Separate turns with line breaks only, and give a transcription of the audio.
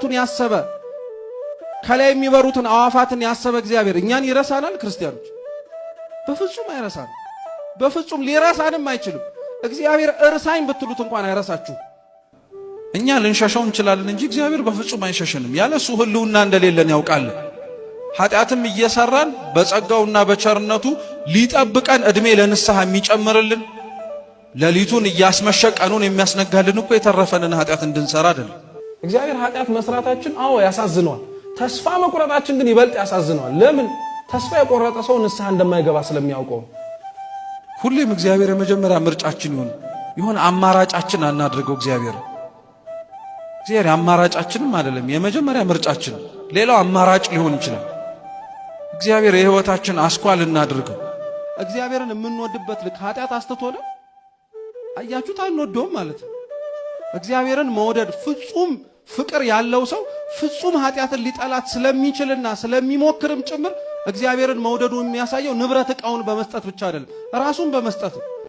ፍጥረቱን ያሰበ ከላይ የሚበሩትን አዋፋትን ያሰበ እግዚአብሔር እኛን ይረሳናል? ክርስቲያኖች በፍጹም አይረሳን፣ በፍጹም ሊረሳንም አይችልም። እግዚአብሔር እርሳኝ ብትሉት እንኳን አይረሳችሁ። እኛ ልንሸሸው እንችላለን እንጂ እግዚአብሔር በፍጹም ያለ ያለሱ ህልውና እንደሌለን ያውቃል ኃጢአትም እየሰራን በጸጋውና በቸርነቱ ሊጠብቀን እድሜ ለንስሐ የሚጨምርልን ሌሊቱን እያስመሸ ቀኑን የሚያስነጋልን እኮ የተረፈንን ኃጢአት እንድንሰራ አይደለም። እግዚአብሔር ኃጢአት መስራታችን አዎ ያሳዝነዋል። ተስፋ መቁረጣችን ግን ይበልጥ ያሳዝነዋል። ለምን? ተስፋ የቆረጠ ሰው ንስሐ እንደማይገባ ስለሚያውቀው። ሁሌም እግዚአብሔር የመጀመሪያ ምርጫችን ይሁን። የሆነ አማራጫችን አናድርገው። እግዚአብሔር እግዚአብሔር አማራጫችንም አይደለም የመጀመሪያ ምርጫችን፣ ሌላው አማራጭ ሊሆን ይችላል። እግዚአብሔር የህይወታችን አስኳል እናድርገው። እግዚአብሔርን የምንወድበት ልክ ኃጢአት አስተቶለ አያችሁት፣ አንወደውም ማለት ነው። እግዚአብሔርን መውደድ ፍጹም ፍቅር ያለው ሰው ፍጹም ኃጢአትን ሊጠላት ስለሚችልና ስለሚሞክርም ጭምር እግዚአብሔርን መውደዱ የሚያሳየው ንብረት ዕቃውን በመስጠት ብቻ አይደለም፣ ራሱን በመስጠት ነው።